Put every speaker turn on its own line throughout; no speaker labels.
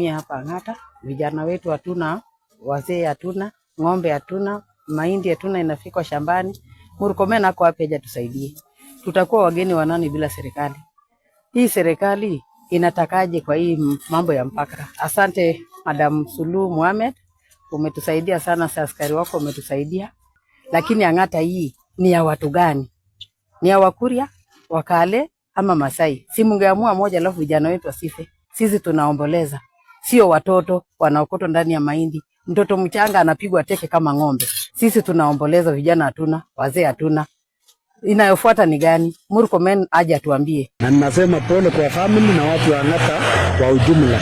tunatumia hapa Ang'ata. Vijana wetu hatuna, wazee hatuna, ng'ombe hatuna, mahindi hatuna, inafikwa shambani. Murkomen ako hapa aje tusaidie? Tutakuwa wageni wa nani bila serikali hii? Serikali inatakaje kwa hii mambo ya mpaka? Asante Madam Sulu Mohamed, umetusaidia sana, sa askari wako umetusaidia, lakini Ang'ata hii ni ya watu gani? Ni ya Wakuria, Wakale ama Masai? Si mungeamua moja, alafu vijana wetu asife? Sisi tunaomboleza sio watoto wanaokotwa ndani ya mahindi. Mtoto mchanga anapigwa teke kama ng'ombe. Sisi tunaomboleza, vijana hatuna, wazee hatuna. Inayofuata ni gani? Murkomen aje atuambie.
Na ninasema pole kwa famili na watu wa kwa ujumla.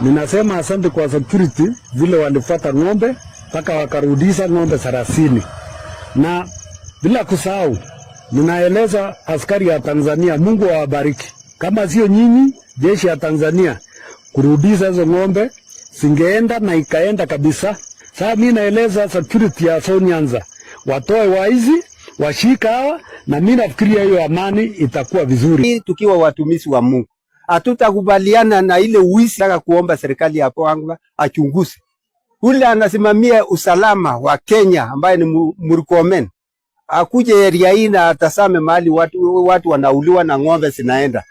Ninasema asante kwa security vile walifuata ng'ombe mpaka wakarudisha ng'ombe thelathini, na bila kusahau ninaeleza askari ya Tanzania, Mungu awabariki. Kama sio nyinyi jeshi ya Tanzania kurudisha hizo ng'ombe, singeenda na ikaenda kabisa. Sasa mimi naeleza security ya sonyanza Nyanza watoe waizi washika hawa, na mimi nafikiria hiyo amani itakuwa vizuri.
Tukiwa watumishi wa Mungu hatutakubaliana na ile uisi. Nataka kuomba serikali ya Pwanga achunguze ule anasimamia usalama wa Kenya ambaye ni Murkomen akuje eria hii na atasame mahali watu, watu wanauliwa na ng'ombe zinaenda.